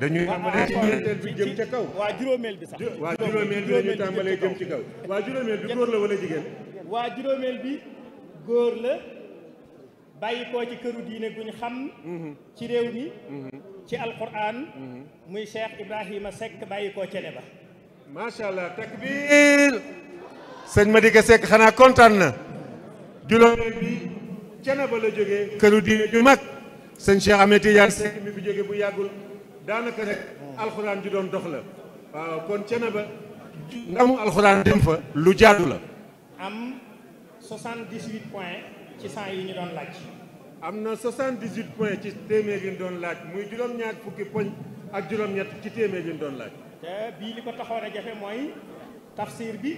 dañuy tàmbalee ci jëm ca kaw waa juróomeel bi sax waa juróomeel bi dañuy tàmbalee jëm ci kaw waa juróomeel bi góor la wala jigéen waa juróomeel bi góor la bàyyi koo ci këru diine guñ xam mm-hmm. ci réew mi mm-hmm. ci alquran mm-hmm. muy Cheikh Ibrahima Seck bàyyi koo cene ba macha allah takbir sëñ Madické Seck xanaa kontaan na juróomeel bi cene ba la jógee këru diine ju mag sëñ Cheikh Ahmed Tidiane Seck mi fi jóge bu yàggul daanaka rek alxuraan ju doon dox la waaw kon Thiénaba ndamu alxuraan dem fa lu jaadu la am 78 points ci 100 yi ñu doon laaj am na 78 points ci téeméer yi ñu doon laaj muy juróom-ñaar fukki poñ ak juróom-ñett ci téeméer yi ñu doon laaj te bii li ko taxoon a jafe mooy tafsir bi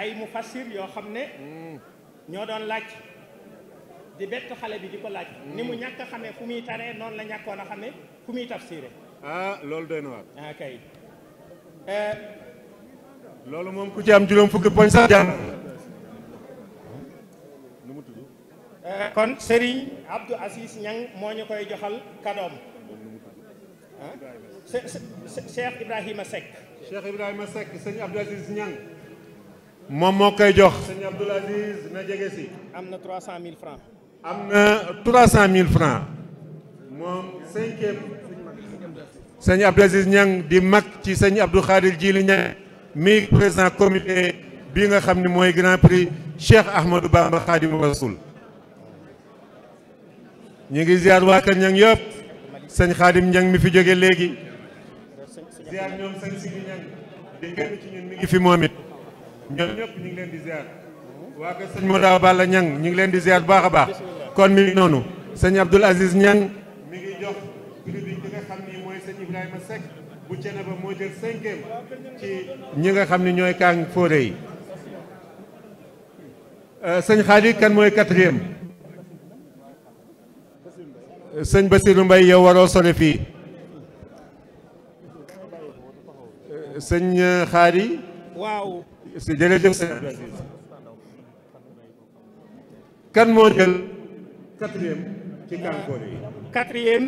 ay mufassir yoo xam ne hmm. ñoo doon laaj di bett xale bi di ko laaj ni mu ñàkk a xamee fu muy taree noonu la ñàkkoon a xamee ku muy tafsiré ah loolu doy na waar ah eh, loolu moom ku ci am juróom fukki poñ sax jàng nu mu tudd eh, kon Serigne Abdou Aziz moo ñu koy joxal kadoom ah Cheikh Ibrahima Seck Cheikh Ibrahima Seck sëñ Abdou Aziz moom moo koy jox sëñ Abdou Aziz na jege si am na trois cent mille francs am na cent mille francs moom cinquième sëñ Aziz Niang di mag ci sëñ Abdou Khadir Jili Niang mi président comité bi nga xam ni mooy grand prix Cheikh Ahmadou Bamba Khadimu Rasoul ñu ngi ziar waa kër Niang yëpp sëñ Khadim Niang mi fi jóge léegi ziar ñoom sëñ Sigi ci fi moom it ñu ngi leen di ziar waa kër sëñ Modaw Balla Niang ñu ngi leen di ziar bu baax a baax kon mi noonu sëñ Abdoul Aziz Niang mi ngi jox nga xam ni bu cene ba moo jël cinquième ci ñi nga xam ni ñooy kaang fóore yi euh, sëñ Xaadi kan mooy quatrième sëñ Basiru Mbay yow waroo sole fii euh, sëñ Xaadi waaw jërëjëf sëñ Abdoul kan moo jël quatrième ci kankoore yi quatrième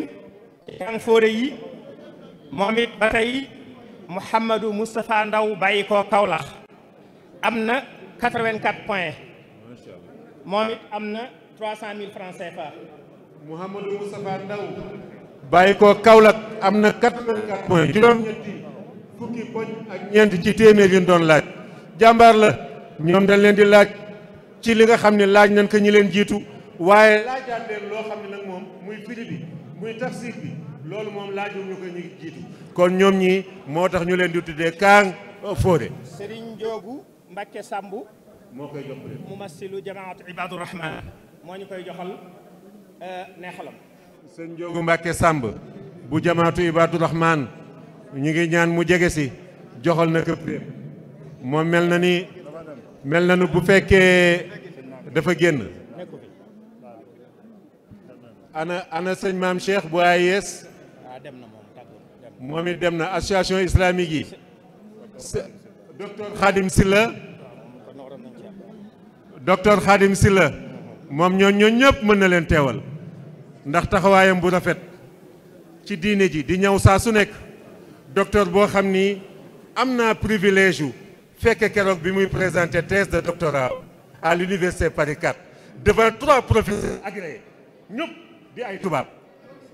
kankoore yi moom it ba tey Mouhamadou Moustapha Ndaw bàyyi ko Kaolack am na 84 points moom it na 300000 fukki poñ ak ñeent ci téeméer yu ñu doon laaj jàmbaar la ñoom dañ leen di laaj ci li nga xam ne laaj nañ ko ñi leen jiitu waaye laajaan leen loo xam ne nag moom muy firi bi muy tafsir bi loolu moom laajul ñu ko ñu jiitu kon ñoom ñi moo tax ñu leen di tuddee Kaang Fodé Serigne Diogou Mbacke Samb moo koy jox mu massilu jamaatu Ibadu moo ñu koy joxal euh, neexalam sëñ Diogou Mbacke sàmb bu jamaatu Ibadu Rahman ñu ngi ñaan mu jege si joxal na këpp moom mel na ni mel na nu bu fekkee dafa génn ana ana sëñ maam Cheikh bu AIS moom it dem na association islamique yi docteur Khadim Silla docteur Khadim Silla moom ñoo ñoo ñëpp mën na leen teewal ndax taxawaayam bu rafet ci diine ji di ñaw saa su nekk docteur boo xam ni am naa privilège yu fekke keroog bi muy présenter thèse de doctorat à l'université Paris 4 devant trois professeurs agréés ñëpp di ay tubaab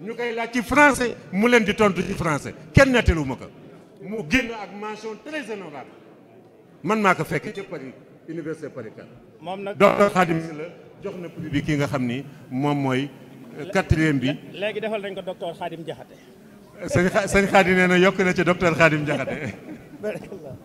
ñu koy laaj ci français mu leen di tontu ci français kenn nettalu ma ko mu génn ak mention très honorable man maa ko fekke ca Paris université Paris moom nag docteur la jox na prix bi ki nga xam ni moom mooy euh, quatrième bi léegi defal nañ ko docteur Khadim Diakhaté sëñ Khadim nee na yokk na ci docteur Khadim Diakhaté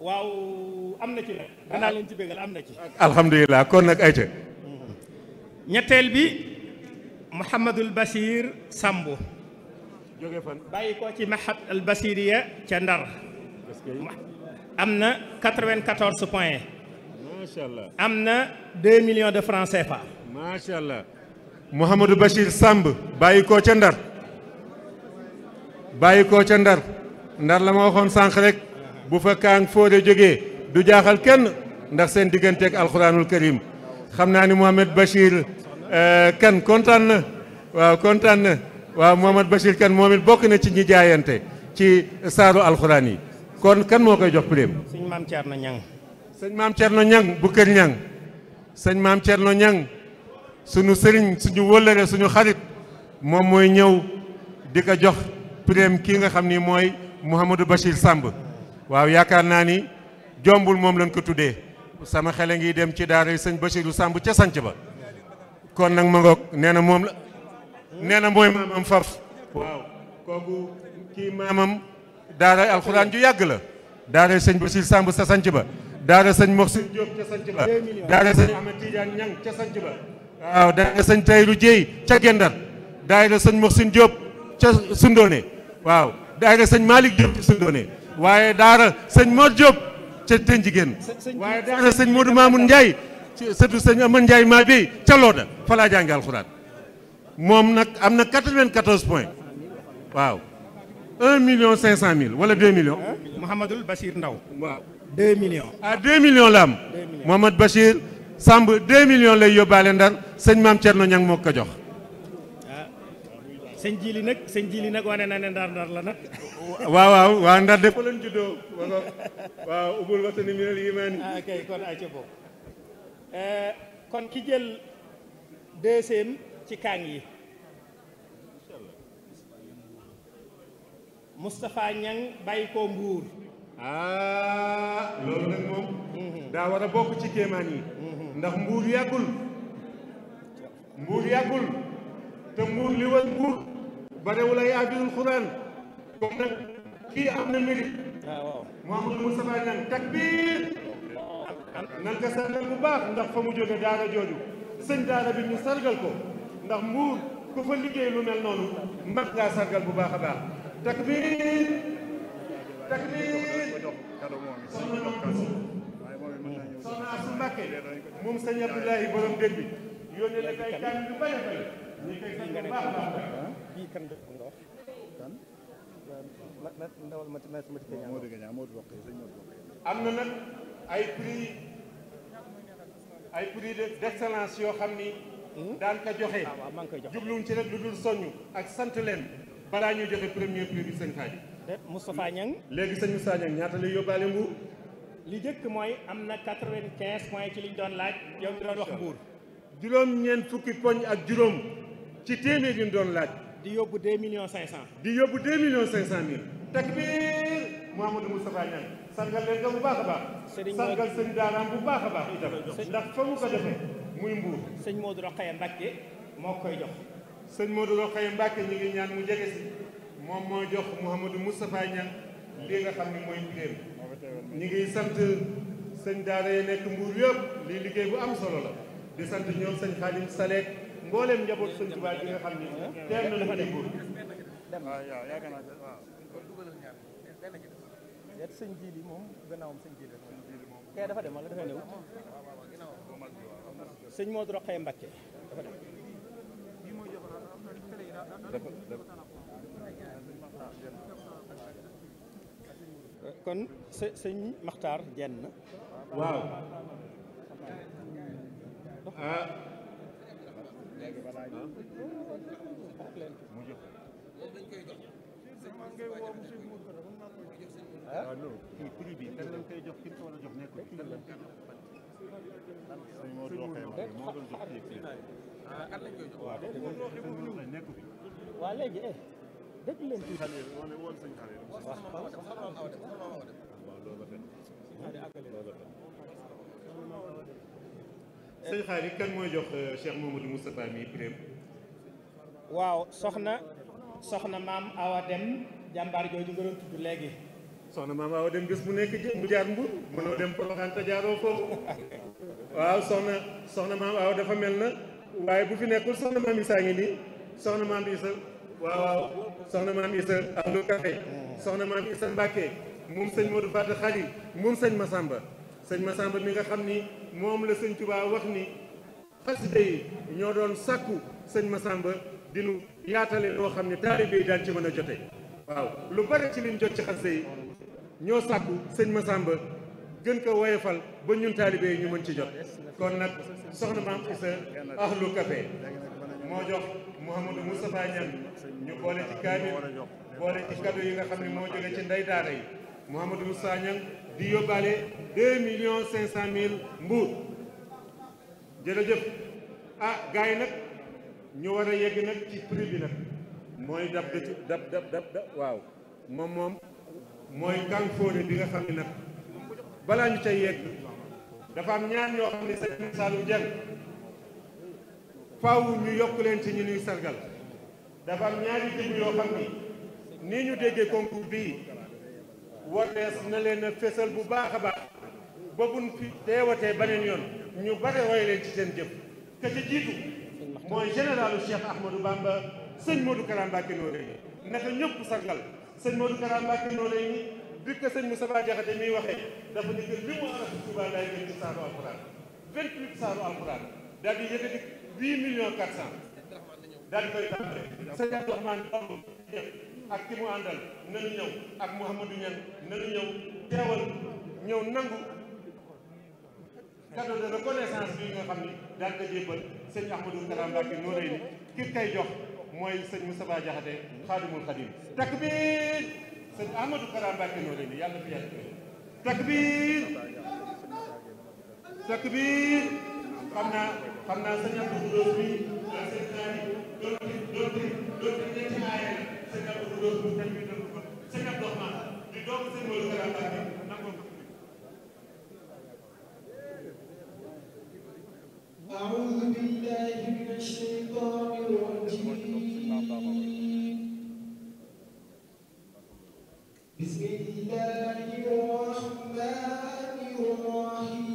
waaw am na ci nag ah. danaa ci bégal am na ci alhamdulilah kon nag ayca ñetteel bi Mouhamadul Bachir Sambu jóge fan ci Mahad al Bachiriya ca Ndar am na 94 points macha allah am na 2 millions de francs CFA macha allah Mouhamadou Bachir Samb bàyyi koo ca Ndar bàyyi koo ca Ndar Ndar la ma waxoon sànq rek bu fa kaang Fodé jógee du jaaxal kenn ndax seen digganteeg alxuraanul karim xam naa ni Mohamed Bachir euh, kan kontaan na waaw kontaan na waaw Mohamed Bachir kan moom it bokk na ci ñi jaayante ci saaru alxuraan yi kon kan moo koy jox prime. sëñ maam Thierno Niang. bu kër Niang. sëñ maam Thierno Niang suñu sëriñ suñu wëllëre suñu xarit moom mooy ñëw di ko jox prime kii nga xam ni mooy Mouhamadou Bachir Samb. waaw yaakaar naa ni jombul moom lañ ko tuddee sama xel a ngi dem ci daara sëñ Bachirou Samb ca sanc ba kon nag ma ngoog nee na moom la nee na mooy maamam faf waaw kooku alxuraan ju yàgg la daara sëñ Bachir Samb sa sanc ba daara sëñ Moxsin Diop ca sanc ba daara sëñ Ahmed Tidiane Ñang ca sanc sëñ Tayru Jéy ca Gendar Moxsin Diop ca Sundoone waaw daara sëñ Malick Diop ca Sundoone waaye daara sëñ Mor Diop ca Tenjigéen waaye daara sëñ Modou Mamoun Ndiaye surtout sëñ Amadou Ndiaye maa bi ca Looda fa laa jànge moom nag am na 94 points waaw 1 million 500 mille wala 2 million Mouhamadul Bachir Ndaw waaw 2 ah, millions. la am. 2 millions Mouhamad million Samb 2 millions lay yóbbaale ndar sëñ maam Thierno Niang moo ko jox. sëñ Jili nag sëñ Jili nag wane na ne ndar ndar la nag waaw waaw waaw ubul watani minal imaani ah, kay kon ay ca eh, kon ki jël deuxième ci kaang yi Moustapha Niang bàyyi koo mbuur ah, loolu nag moom mhm. daa war bokk ci kéemaan yi mhm. ndax mbuur yàggul mbuur yàggul te mbuur li mbuur barewul ay aajurul xuraan kon nag kii am na mérite ah, Mouhamadou Moustapha sargal bu baax ndax fa mu jóge daara jooju sëñ bi ñu sargal ko ndax mbuur ku fa liggéey lu mel noonu mag ngaa sargal bu baax a baax takbir bi yónnee a bii kan la kan. ma ma ndawal ma ma ma ci. moo dëgg ñaa am na nag ay prix ay prix de d'excellence yoo xam ni. Hmm? daan ka joxe. Ah, waaw maa koy joxe jubluwuñ ci rek lu dul soññu ak sant leen. balaa ñuy joxe premier prix bi sëñ Xaadim. Eh, Moustapha léegi sëñ Moustapha Niang ñaata lay yóbbaale Mbour. li jëkk mooy am na quatre-vingt-quinze points ci liñ doon laaj. yow mi doon wax Mbour. juróom-ñeent fukki poñ ak juróom ci téeméer yi ñu doon laaj. di yóbbu deux million cinq cent di yóbbu deux millions cinq cent mille takbir bu baax a baax sargal sëñ daaraam bu baax a baax itam ndax fa mu ko muy mbuur sëñ Modou Rokhaya Mbacke moo koy jox sëñ Modou Rokhaya Mbacke ñu ngi ñaan mu jege si moom moo jox Mouhamadou Moustapha Niane lii nga xam ne mooy liggéeyam ñu ngi sant sëñ daara yi nekk mbuur yëpp lii liggéey bu am solo la di sant ñoom sëñ Khadim Salek mboolem njaboot sëñ Tuubaa gi nga xam ne teer na la ay góor waaw yaakaar naa waaw et sëñ ji li moom gannaawam sëñ ji kay dafa dem wala dafa néew sëñ Modou Rokhaya Mbacké dafa dem kon sëñ Makhtar Diène waaw ah non kii prix bi kan lañ koy jox ki nga war a jox nekkul kan lañ koy jox. sëñ Maodo Roqe Mbacké moo doon jox kii prix. waaw te bu doon jox sëñ Maodo nekkul. waaw léegi eh dégg leen kii. waaw waaw waaw loolu la fekk loolu la fekk sëñ Xaali kan mooy jox euh, Cheikh Mamadou Moustapha mi prime waaw soxna soxna maam Awa Dem jàmbaar jooju nga doon tudd léegi soxna maam Awa Dem bés bu nekk jë mu jaar mbur mënoo dem Porokhane te jaaroo foofu waaw soxna soxna maam Awa dafa mel na waaye bu fi nekkul soxna maam Issa ngi nii soxna maam Issa waaw waaw soxna maam Issa Abdou Kafe soxna maam Issa Mbacke moom sëñ Modou Fatou Xaali moom sëñ Massamba sëñ Massamba mi nga xam ni moom la sëñ Touba wax ni xasida yi ñoo doon sàkku sëñ Massamba dinu yaatale loo xam ne taalibe yi daan ci mën a jote waaw lu bare ci liñ jot ci xasida yi ñoo sàkku sëñ Massamba gën ko woyefal ba ñun taalibe yi ñu mën ci jot kon nag soxna maam Issa ahlu café moo jox Mouhamadou Moustapha Niane ñu boole ci kaamil boole ci cadeau yi nga xam ne moo jóge ci ndey daara yi Mouhamadou Moussa Niang di yóbbaale deux millions cinq cent mille mbuur jërëjëf ah gars nag ñu war a yegg nag ci prix bi nag mooy dab dab dab dab dab waaw moom moom mooy kànfóore bi nga xam ne nag balaa ñu cay yegg dafa am ñaan yoo xam ne sëñ Saliou Dieng faw ñu yokk leen ci ñu nuy sargal dafa am ñaari jëm yoo xam ni nii ñu déggee concours bii wanees na leen a bu baax a baax ba buñ fi teewatee beneen yoon ñu bare roy leen ci seen jëf te ci jiitu mooy généralu Cheikh Ahmadou Bamba sëñ Modou Kara Mbacké Noreyni naka ñëpp sargal sëñ Modou Kara Mbacké Noreyni bi ko sëñ Moustapha Diakhaté miy waxee dafa ni que li mu araf Touba daay gën ci saaru alxuraan vingt-huit saaru alxuraan daal di yëkkati huit millions quatre cent daal di koy tàmbale sëñ Abdourahmane ak ki mu àndal nanu ñëw ak Mouhamadou nanu ñëw teewal ñëw nangu cadeau de reconnaissance bi nga xam ni daal di jébbal sëñ Ahmadou Kara Mbacké Noreyni ki kay jox mooy sëñ Moustapha Diakhaté xaadimul xadim takbir sëñ Ahmadou Kara Mbacké Noreyni yàlla fi yàlla takbir takbir xam naa xam naa sëñ Abdou Doos bi ak sëñ Tani doon doon doon ñetti aaya sëñ Abdou Koudous bu sëñ bi dëkk ko sëñ Abdou Rahman di doomu sëñ Modou Kara Mbacké nangoon ko أعوذ بالله من الشيطان الرجيم بسم الله الرحمن الرحيم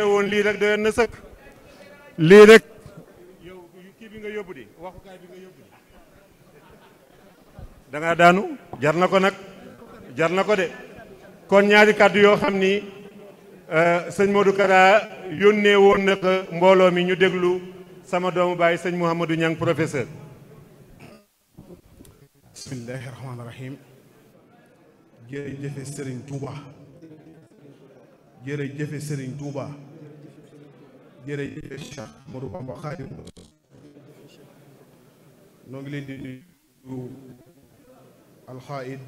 woon lii rek doyoon na sëkk lii rek yow nga yóbbu di waxukaay bi daanu jar na ko nag jar na ko de kon ñaari kàddu yoo xam ni eh, sëñ Modou Kara yónnee woon na mbooloo mi ñu déglu sama doomu baay sëñ Mouhamadou Niang professeur bismillahi rahmaani rahim jërëjëfe sëriñ Touba jërëjëfe sëriñ Touba jërëjëfe Cheikh Ahmadou Bamba Khadimu noo ngi leen di nuyu alxaid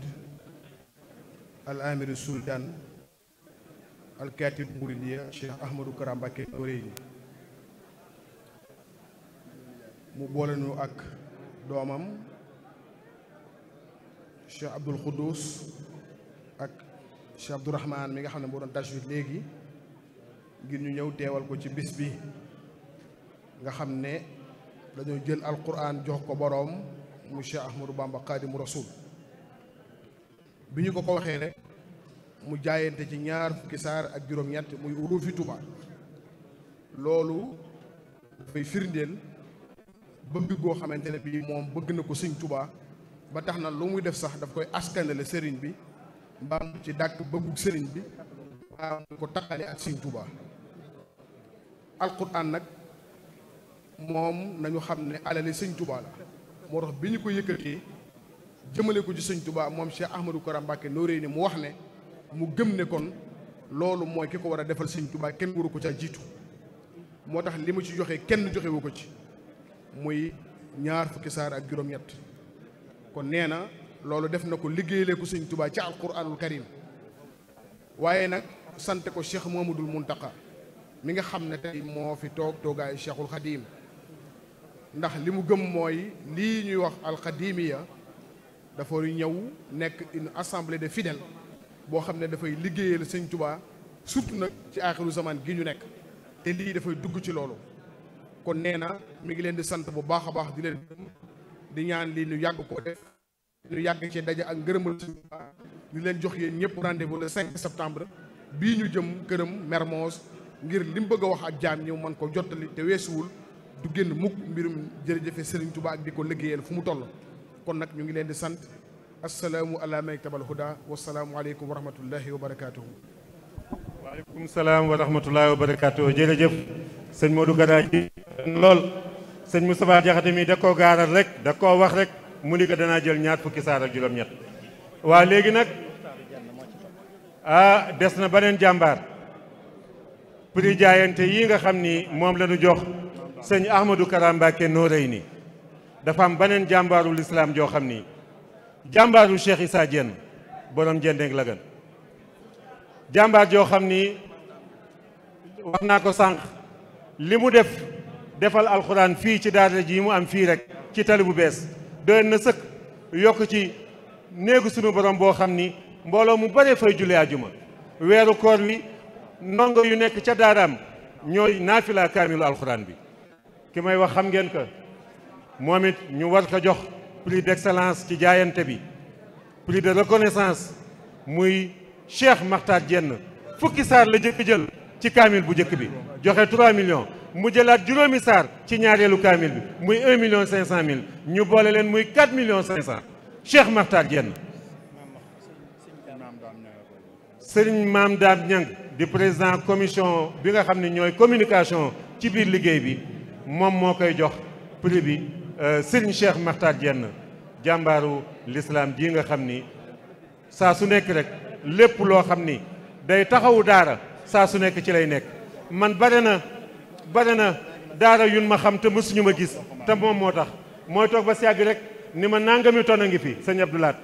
al amiri sultan al katib mouridiya Cheikh Ahmadou Kara Mbacké Noreyni mu boole nu ak doomam Cheikh Abdoul Khoudous ak Cheikh Abdourahman mi nga xam ne moo doon tajwid léegi ngir ñu ñëw teewal ko ci bis bi nga xam ne dañoo jël alquran jox ko boroom mu Cheikh Ahmadou Bamba Xaadimu Rasuul bi ñu ko ko waxee rek mu jaayante ci ñaar fukki saar ak juróom-ñett muy uruufi Tuuba loolu dafay firndeel bëgg goo xamante ne bii moom bëgg na ko sëñ Tuuba ba tax na lu muy def sax daf koy askanale sëriñ bi mbaam ci dàkk bëggug sëriñ bi mbaam ko taqale ak Sëriñ Tuubaa alxuraan nag moom nañu xam ne alali sëñ Tuubaa la moo tax bi ñu ko yëkkatee jëmale ko ci Sëriñ Tuubaa moom Cheikh Ahmadou Kara Mbacké Noreyni mu wax ne mu gëm ne kon loolu mooy ki ko war a defal Sëriñ tubaa kenn waru ko ca jiitu moo tax li mu ci joxe kenn joxewu ko ci muy ñaar fukki saar ak juróom-ñett kon nee na loolu def na ko liggéeyale ko sëñ tubaa ci alquranul karim waaye nag sante ko cheikh mamadul muntaka mi nga xam ne tey moo fi toog toogaayu cheikhul xadim ndax li mu gëm mooy lii ñuy wax alxadimiya dafa ñëw nekk une assemblée de fidèles boo xam ne dafay liggéeyal sëñ tubaa surtout nag ci aaxiru zaman gi ñu nekk te lii dafay dugg ci loolu kon nee na mu ngi leen di sant bu baax a baax di leen di ñaan lii ñu yàgg koo def ñu yàgg cee daje ak ngërëmal suñu ñu leen jox yéen ñëpp rendez-vous le 5 septembre bii ñu jëm këram Mermoz ngir li mu bëgg a wax ak jaam ñëw man ko jottali te weesuwul du génn mukk mbirum jërëjëfe Serigne Touba ak di ko liggéeyal fu mu toll kon nag ñu ngi leen di sant asalaamu ala maytabal huda wasalaamu aleykum wa rahmatullahi wa barakatuhu waaleykum salaam wa rahmatullahi jërëjëf sëñ Modou Gana ji lool sëñ Moustapha Diakhaté mi da koo gaaral rek da koo wax rek mu ni ko danaa jël ñaar fukki saar ak juróom-ñett waa léegi nag ah des na beneen jàmbaar prix jaayante yii nga xam ni moom la ñu jox sëñ Ahmadou Kara Mbacké Noreyni dafa am beneen jàmbaarul islam joo xam ni jàmbaarul Cheikh Issa Diène borom Diendeng la gën jàmbaar joo xam ni wax naa ko sànq li mu def defal alxuraan fii ci daara ji mu am fii rekk ci tali bu bees doy na sëkk yokk ci néegu suñu borom boo xam ni mbooloo mu bare fay julli ajuma weeru koor wi ndongo yu nekk ca daaraam ñooy naafila kaamilu alxuraan bi ki may wax xam ngeen ko moom it ñu war ko jox prix d'excellence ci jaayante bi prix de reconnaissance muy Cheikh Makhtar Diène fukki saar la jëkk jël ci kaamil bu jëkk bi joxe 3 millions mu jëlaat juróomi saar ci ñaareelu kaamil bi muy 1 million 500 mille ñu boole leen muy 4 millions 500 Cheikh Makhtar Diène sëriñ Maam Daam Ñang di président commission bi nga xam ni ñooy communication ci biir liggéey bi moom moo koy jox prix bi euh, sëriñ Cheikh Makhtar Diène jàmbaaru lislaam ji nga xam ni saa su nekk rek lépp loo xam ni day taxawu daara saa su nekk ci lay nekk man bare na bare na daara yun ma xam te ñu ma gis te moom moo tax mooy toog ba si yàgg rek ni ma nangami ton a ngi fi sëñ Abdou Lahat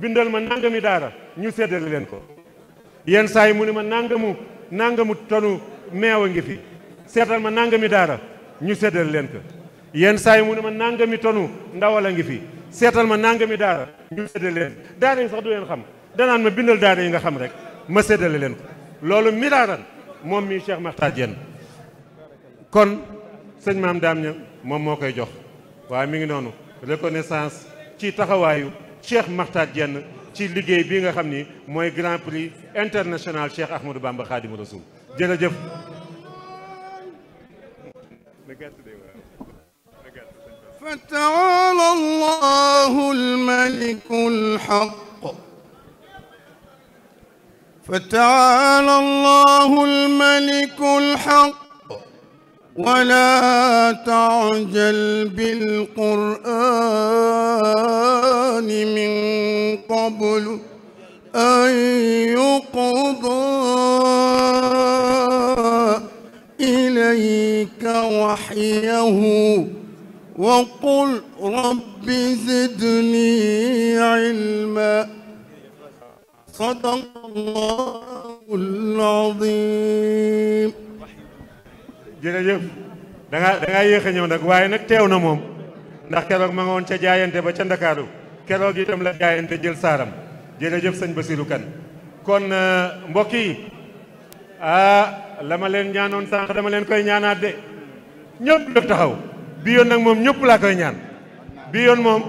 bindal ma nangami daara ñu séddale leen ko yenn saa yi mu ni ma nangamu nangamu tonu meew a ngi fi seetal ma nangami daara ñu séddale leen ko yenn saa yi mu ni ma nangami tonu ndawal a ngi fi seetal ma nangami daara ñu séddale leen daara yi sax du leen xam danaan ma bindal daara yi nga xam rek ma séddale leen ko loolu miraaran moom mii Cheikh Makhtar Diène kon sëñ maam daam ña moom moo koy jox waaye mi ngi noonu reconnaissance ci taxawaayu Cheikh Makhtar Diène ci liggéey bi nga xam ni mooy grand prix international Cheikh Ahmadou Bamba Khadimu Rasul jërëjëf. فتعالى الله الملك الحق فتعالى الله الملك الحق ولا تعجل بالقرآن من قبل أن يقضى إليك وحيه وقل رب زدني علما صدق الله العظيم jërëjëf da nga yéex a ñëw nag waaye nag teew na moom ndax keroog ma nga woon ca jaayante ba ca ndakaaru keroog itam la jaayante jël saaram sañ ba Basirou Kane kon euh, mbokk yi ah la ma leen ñaanoon sànq dama leen koy ñaanaat de ñëpp def taxaw bi yoon nag moom ñëpp laa koy ñaan bi yoon moom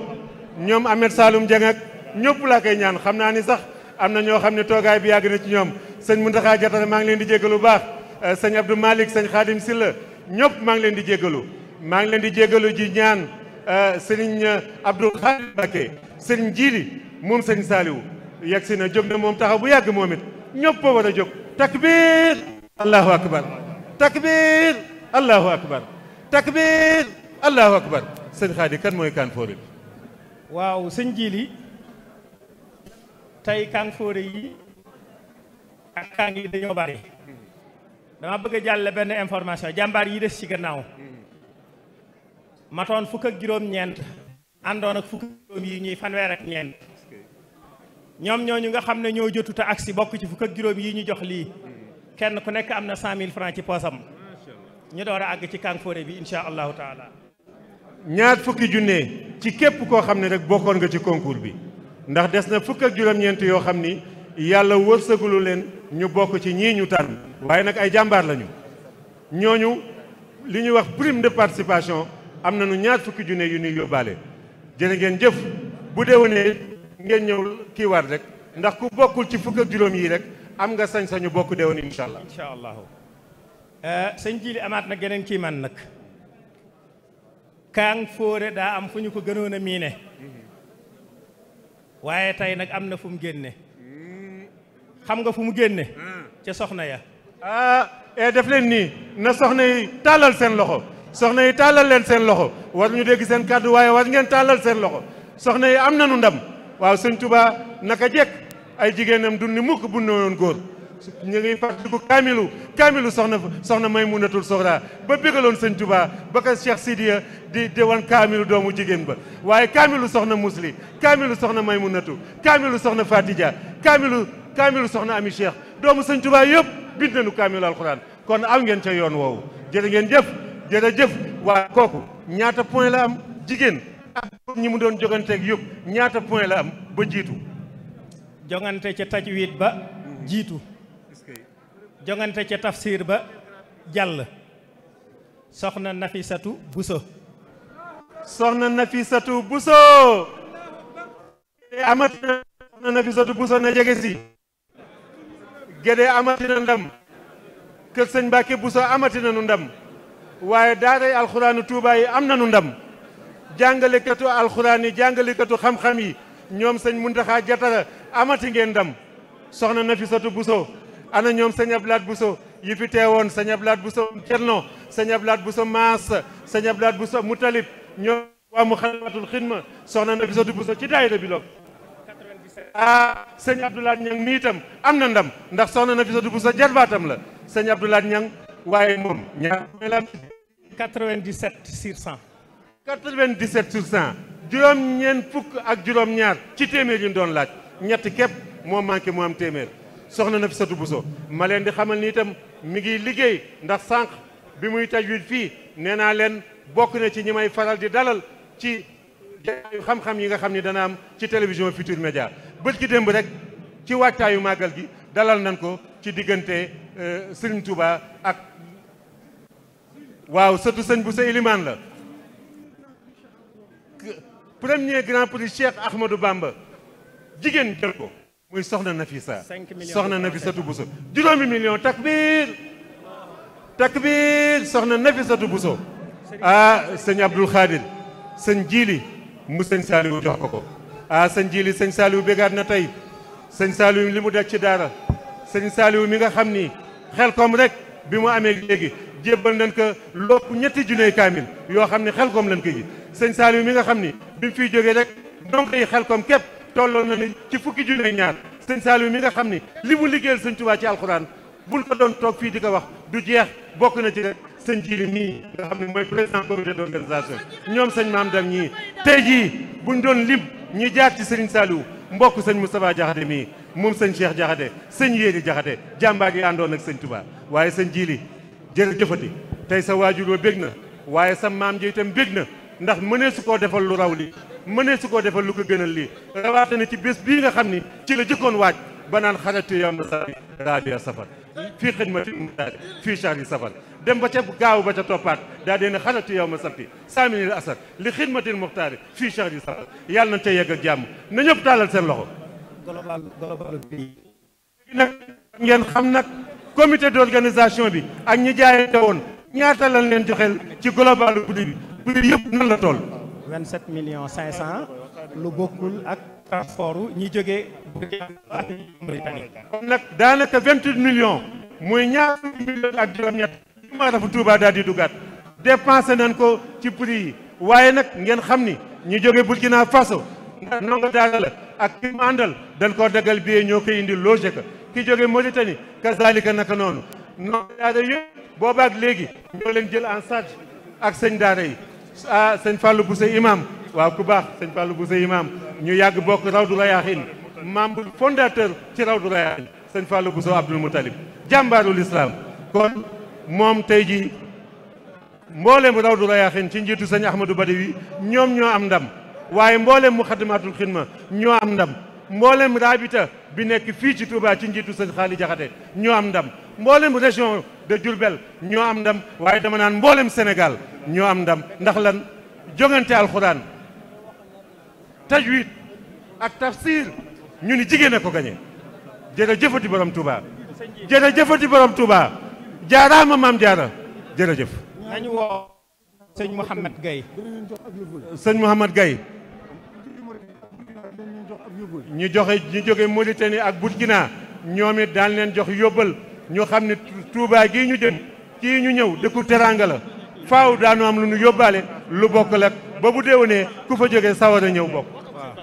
ñoom Ahmed Saloum Dieng ak ñëpp laa koy ñaan xam naa ni sax am na ñoo xam ne toogaay bi yàgg na ci ñoom sëñ Mountakha Diattara maa ngi leen di jéggalu baax Eh, sañ Abdou Malick sëñ Khadim Silla ñëpp maa ngi leen di jégalu maa ngi leen di jégalu ji ñaan eh, sëñ eh, Abdou Khadim Mbacké sëñ Jili moom sëñ Saliou yegg si na jóg na moom taxaw bu yàgg moom it ñëpp war a jóg takbir allahu akbar takbir allahu akbar takbir allahu kan mooy Kanfoore bi waaw sëñ Jili tey Kanfoore yi ak kaan yi dañoo bari dama bëgg a jàll benn information jàmbaar yi des ci gannaaw matoon fukk juróom-ñeent àndoon ak fukk juróom yi ñuy fanweer ak ñeent ñoom ñooñu nga xam ne ñoo jotu te agsi bokk ci fukk juróom yi ñu jox lii kenn ku nekk am na cent mille francs ci poosam ñu door a àgg ci Kankouré bi incha allahu taala. ñaar fukki junne ci képp koo xam ne rek bokkoon nga ci concours bi ndax des na fukk juróom-ñeent yoo xam ni. yàlla wërsëgulu leen ñu bokk ci ñii ñu tànn waaye nag ay jàmbaar lañu ñooñu li ñuy wax prime de participation am nañu ñaar fukki junne yu ñuy yóbbaale jërë ngeen jëf bu déwénee ngeen ñëwul kiiwaar rek ndax ku bokkul ci fukk ak juróom yi rek am nga sañ-sañu bokk déwén incha allah. incha allahu eh, sëñ ji amaat na geneen kii man nag kaang fóore daa am fu ñu ko gënoon a miine mhm. waaye tey nag am na fu mu génne xam nga fu mu génne ca soxna ya ah e def leen nii na soxna yi tàllal seen loxo soxna yi tàllal leen seen loxo war ñu dégg seen kàddu waaye war ngeen tàllal seen loxo soxna yi am nañu ndam waaw sëñ Tuubaa naka jekk ay jigéenam du ni mukk bu newoon góor ñu ngi fàttaliku kaamilu kaamilu soxna soxna Maymunatul Soxra ba bégaloon sëñ tubaa ba ko Cheikh Sidiya di di wan kaamilu doomu jigéen ba waaye kaamilu soxna musli kaamilu soxna Maymunatu kaamilu soxna Fatija kaamilu kaamilu soxna ami cheikh doomu sëñ Tuubaa yëpp bind nañu kaamilu alxuraan kon aw ngeen ca yoon woowu jërë ngeen jëf jërëjëf waa kooku ñaata point la am jigéen ak ñi mu doon joganteeg yëpp ñaata point la am ba jiitu jongante ca tajwid ba jiitu jongante ca tafsir ba jàll soxna nafisatu buso soxna nafisatu buso amati na soxna nafisatu buso na jege si Gédé amati na ndam Kër Sëñ Mbàkke Buso amati na nu ndam waaye daaray alxuraanu Tuubaa yi am na nu ndam jàngalekatu alxuraan yi jàngalekatu xam-xam yi ñoom sëñ Muntaxa Jatara amati ngeen ndam soxna Nafisatu Buso ana ñoom sëñ Ablaat Buso yi fi teewoon sëñ bu Buso Cerno sëñ Ablaat Buso Maas laat bu Buso Mutalib ñoom waa Muxaddamatul Xidma soxna Nafisatu Buso ci daayira bi loog ah sëñ Abdoulaye Niang mii am na ndam ndax soxna na fi sa dugg sa jarbaatam la sëñ Abdoulaye Niang waaye moom ñaar mooy lan 97 sur 100 97 sur 100 juróom-ñeent fukk ak juróom-ñaar ci téeméer yu ñu doon laaj ñetti képp moo manqué mu am téeméer soxna na fi sa dugg so ma leen di xamal ni itam mi ngi liggéey ndax sànq bi muy tajwid fii nee naa leen bokk na ci ñi may faral di dalal ci jataayu xam-xam yi nga xam ni dana am ci télévision Futur Média bët ki démb rek ci waajtaayu màggal gi dalal nañ ko ci diggante euh, Serigne Touba ak waaw sëtu sëñ bu sa ilimaan la premier grand prix Cheikh Ahmadou Bamba jigéen jël ko muy soxna Nafisa soxna Nafisatu Buso juróomi million takbir takbir soxna Nafisatu Buso ah sëñ Abdoul Khadir sëñ jiili mu sëñ Saliou jox ko ko ah sëñ Jili sëñ Saliou bégaat na tey sëñ Saliou li mu daj ci daara sëñ Saliou mi nga xam ni xel koom rek bi mu amee léegi jébbal nañ ko lopp ñetti junne kaamil yoo xam ne xel koom lañ ko ji sëñ Saliou mi nga xam ni bi mu fiy jógee rek ndongo yi xel koom képp tolloo na ni ci fukki junne ñaar sëñ Saliou mi nga xam ni li mu liggéeyal sëñ Tuubaa ci alxuraan bul ko doon toog fii di ka wax du jeex bokk na ci rek sëñ Jili mii nga xam ne mooy président comité d'organisation ñoom sañ Maam Dam ñii tey jii bu buñ doon lim ñi jaar ci sëñ Saliou mbokk sëñ Moustapha Diakhaté mii moom sañ Cheikh Diakhaté sëñ Yéeri Diakhaté jàmbaar yi àndoon ak sañ Touba waaye sañ sëñ Jili jërëjëfati tey sa waajur wa bég na waaye sa maam ji itam bég na ndax mënee su koo defal lu raw li mënee su koo defal lu ko gënal lii rawatina ci bés bii nga xam ni ci la jëkkoon waaj ba naan xaratu yam na sa rabiya safar fii xidmati fii chahri dem ba ca gaaw ba ca toppaat daa deen xalatu yow ma sabti saaminil asar li xidmatil muxtaari fii chahri safar yàlla nañ ca yegg ak jàmm na ñëpp tàllal seen loxo global global bi nag ngeen xam nag comité d'organisation bi ak ñi jaayante woon ñaata lañ leen joxeel ci global budget bi budget yëpp nan la toll 27 millions 500 lu bokkul ak transport ñi jógee Mauritanie kon nag daanaka 28 millions muy ñaar millions ak juróom-ñett maanaam Touba daal di dugaat dépensé nañ ko ci prix yi waaye nag ngeen xam ni ñu jóge Burkina Faso nonga daal la ak ki mu àndal dañ koo dagal biyee ñoo koy indi logé ka ki jóge Mauritanie kazalika naka noonu nonga daara yëpp boobaak léegi ñoo leen jël en charge ak sëñ daara yi ah sëñ Fallou Bousso imam waaw ku baax sëñ Fallou Bousso imam ñu yàgg bokk Rawdu Rayaahin membre fondateur ci Rawdu Rayaahin sëñ Fallou Bousso Abdoul Moutalib jàmbaarul islam kon moom tey ji mbooleem Rawdu Rayaaxiin ci njiitu sëñ Ahmadou Badawi ñoom ñoo am ndam waaye mbooleem Muxaddamatul Xidma ñoo am ndam mbooleem Rabita bi nekk fii ci Touba ci njiitu sëñ Xaali Jaxate ñoo am ndam mboolem région de Diourbel ñoo am ndam waaye dama naan mboolem Sénégal ñoo am ndam ndax lan jongante alxuraan tajwid ak tafsir ñu ni jigéen a ko gañe jërëjëfati borom Touba jërëjëfati borom Touba jaaraama maam jaara jërëjëf. nañu woo sëñ Mouhamed Gaye sëñ Mouhamed Gaye ñu joxe ñu jóge Mauritanie ak Burkina ñoom it daan leen jox yóbbal ñu xam ne Touba gii ñu jëm kii ñu ñëw dëkku teraanga faaw daanu am lu ñu yóbbaale lu bokk la ba bu déwénee ku fa jógee sawar a ñëw bokk. waaw.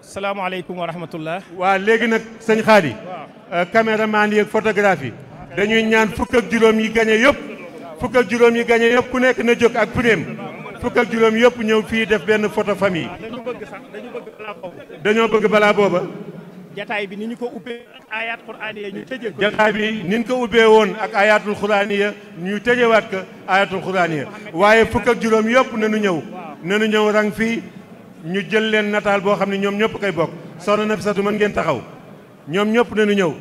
salaamaaleykum wa rahmatullah. waa léegi nag sëñ Xaadi. caméraman yi ak photographe dañuy ñaan fukk ak juróom yi gañe yëpp fukk ak juróom yi yëpp ku nekk na jóg ak prime fukk ak yëpp ñëw fii def benn fam famille. dañoo bëgg balaa booba. jataay bi ni ko ubbee ak ayaat quraaniya ñu tëjee ko. jataay bi ni ñu ko ubbee woon ak ayaatul quraaniya ñu tëjewaat ko waaye fukk ak juróom yëpp nanu ñëw. nanu ñëw rang fii ñu jël leen nataal boo xam ne ñoom ñëpp koy bokk soxna Nafisatu mën ngeen taxaw ñoom ñëpp nanu ñëw.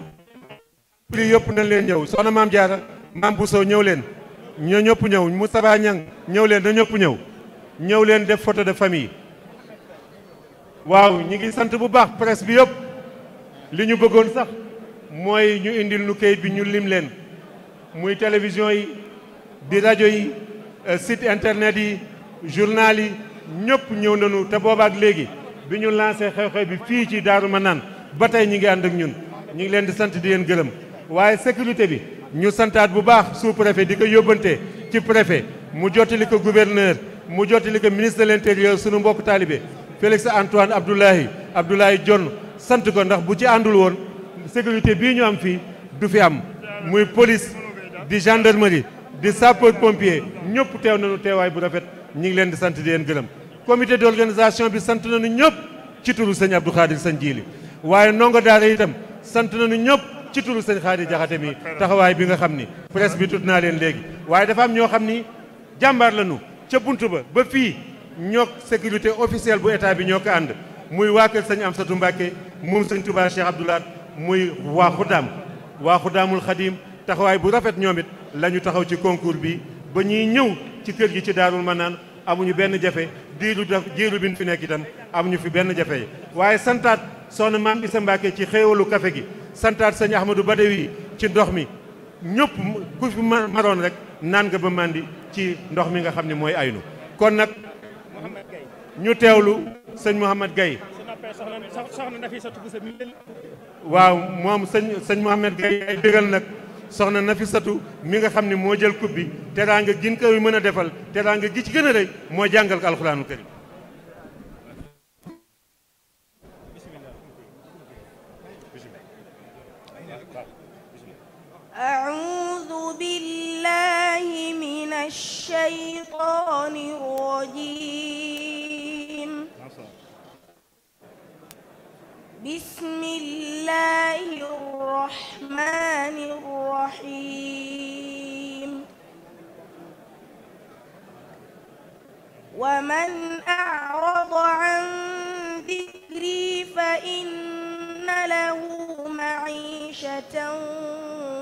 prix yëpp nañ leen ñëw soxna maam Diarra maam Bousso ñëw leen ñoo ñëpp ñëw Moustapha Niang ñëw leen da ñëpp ñëw ñëw leen def photo de famille waaw ñi ngi sant bu baax presse bi yëpp li ñu bëggoon sax mooy ñu indil nu kayit bi ñu lim leen muy télévision yi di rajo yi euh, sit internet yi journal yi ñëpp ñëw nañu te boobaak léegi bi ñu lancé xew-xew bi fii ci Daaru naan ba tey ñi ngi ànd ak ñun ñi ngi leen di sant di leen gërëm waaye sécurité bi ñu santaat bu baax sous préfet di ko yóbbante ci préfet mu jottali ko gouverneur mu jottali ko ministre de l'intérieur sunu mbokk taalibe Félix Antoine Abdoulaye Abdoulaye Dione sant ko ndax bu ci àndul woon sécurité bii ñu am fii du fi am muy police di gendarmerie di sapeur pompier ñëpp teew nañu teewaay bu rafet ñi ngi leen di sant di leen gërëm comité d'organisation bi sant nañu ñëpp ci turu sëñ Abdou Khadir sëñ Jili waaye ndongo daara itam sant nañu ñëpp ci turu sëñ Xaadi Jaxate mi taxawaay bi nga xam ni presse bi tudd naa leen léegi waaye dafa am ñoo xam ni jàmbaar lañu ca bunt ba ba fii ñoo sécurité officielle bu état bi ñoo ko ànd muy waa kër sëñ Amsatu Mbàkke moom sëñ Tuubaa Cheikh Abdoulaat muy waa Xudaam waa Xudaamul Xadim taxawaay bu rafet ñoom it la ñu taxaw ci concours bi ba ñuy ñëw ci kër gi ci Daarul Manaan amuñu benn jafe diiru daf jiiru bi ñu fi nekk itam amuñu fi benn jafe waaye santaat soxna maam Isa Mbàkke ci xéewalu café gi santaat sëñ Ahmadou Badawi ci ndox mi ñëpp ku fi maroon rek naan nga ba màndi ci ndox mi nga xam ne mooy aynu kon nag ñu teewlu sëñ Mouhamad Gaye waaw moom sëñ sëñ Mouhamad gay ay bégal nag soxna Nafisatu mi nga xam ni moo jël coupe bi teraanga gin koy mën a defal teraanga gi ci gën a rëy moo jàngal ko alxuraanul karim بالله من الشيطان الرجيم بسم الله الرحمن الرحيم ومن أعرض عن ذكري فإن له معيشة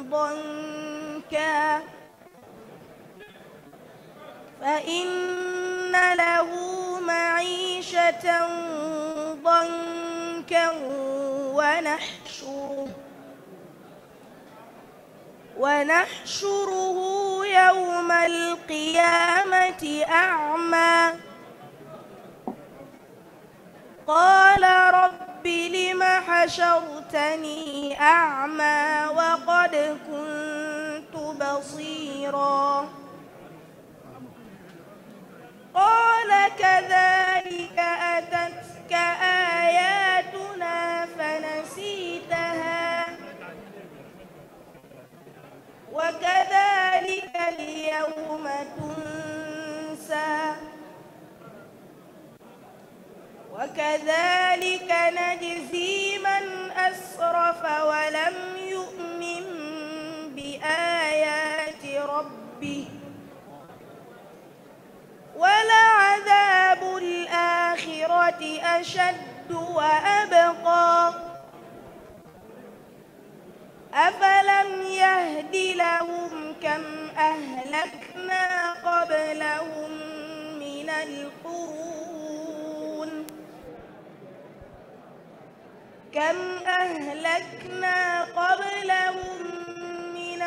ضنكا شركا فإن له معيشة ضنكا ونحشره ونحشره يوم القيامة أعمى قال رب لم حشرتني أعمى وقد كنت بصيرا قال كذلك أتتك آياتنا فنسيتها وكذلك اليوم تنسى وكذلك نجزي من أسرف ولم يؤمن بآياتنا ربه ولعذاب الآخرة أشد وأبقى أفلم يهد لهم كم أهلكنا قبلهم من القرون كم أهلكنا قبلهم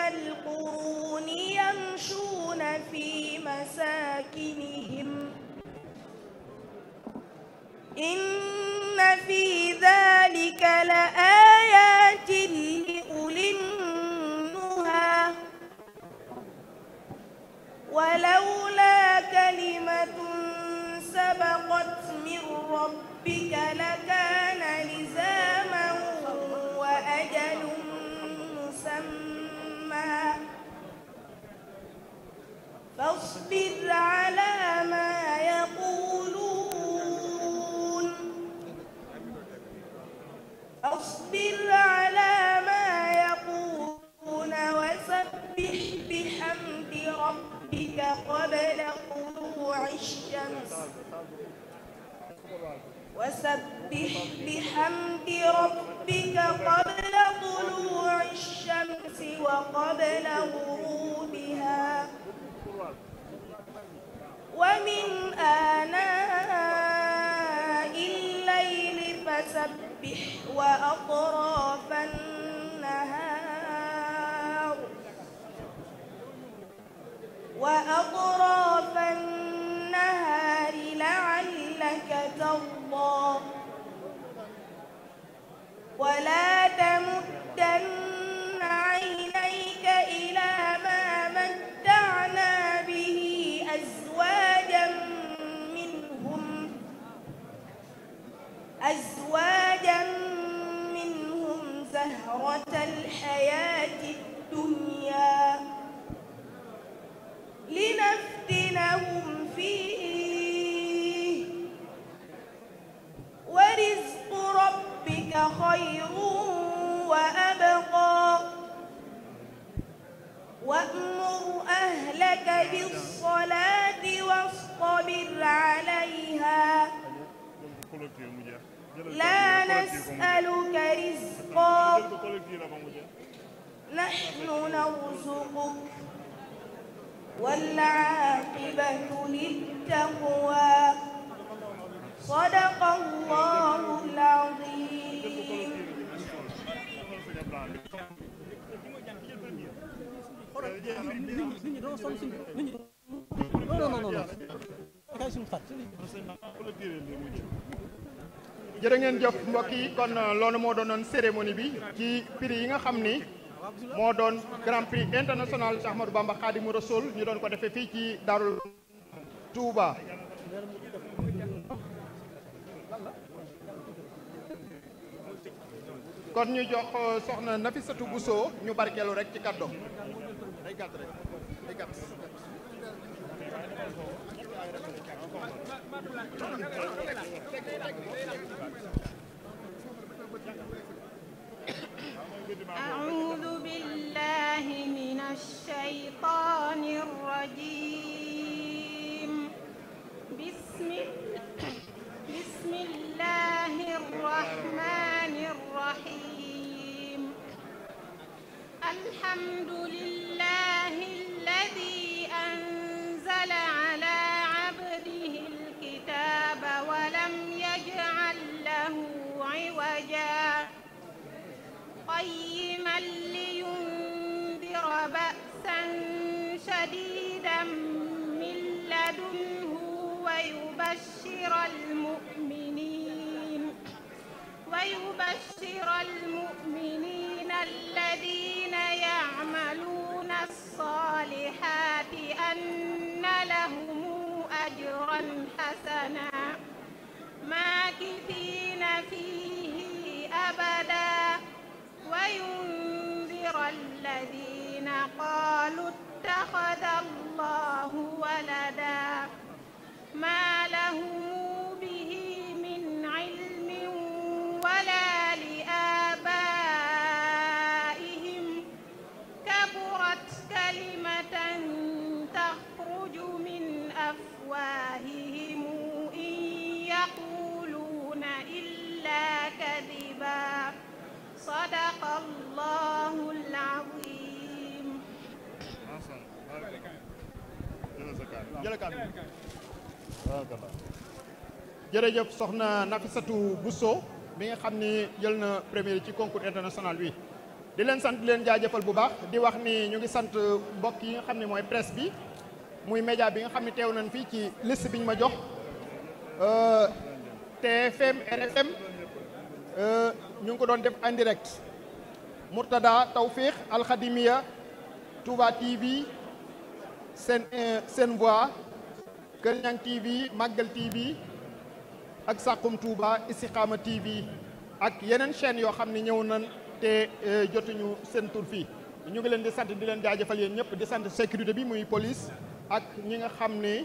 القرون يمشون في مساكنهم إن في ذلك لآيات لأولي النهى ولولا كلمة سبقت من ربك لكان فاصبر على ما يقولون فاصبر على ما يقولون وسبح بحمد ربك قبل طلوع الشمس وسبح بحمد ربك قبل طلوع الشمس وقبل غروبها ومن آناء الليل فسبح والعاقبة للتقوى صدق الله العظيم jërë ngeen jëf mbokk yi kon loolu moo doonoon cérémonie bi ci prix yi nga xam ni moo doon grand prix international Cheikh Ahmadou Bamba Khadimu ñu doon ko defee fii ci Daarul Touba. kon ñu jox euh, soxna Nafisatu Bousso ñu barkeelu rek ci kàddoom أعوذ بالله من الشيطان الرجيم بسم, بسم الله الرحمن الرحيم الحمد وبشر sadaqallahul jërëjëf soxna Nafisatou Bousso bi nga xam ni jël na premier ci concours international bi di leen sant leen jaajëfal bu baax di wax ni ñu ngi sant mbokk yi nga xam ne mooy presse bi muy média bi nga xam ne teew nañ fii ci list bi ñu ma jox euh, TFM RFM Euh, ñu ngi ko doon def en direct Mourtada Tawfiq Alxadimiya Touba TV seen euh, seen voix Kër Ñang TV Màggal TV ak Saxum Touba Istiqaama TV ak yeneen chaîne yoo xam ne ñëw nañ te euh, jotuñu seen tur ñu ngi leen di sant di leen jaajëfal yéen ñëpp di sant sécurité bi muy police ak ñi nga xam ni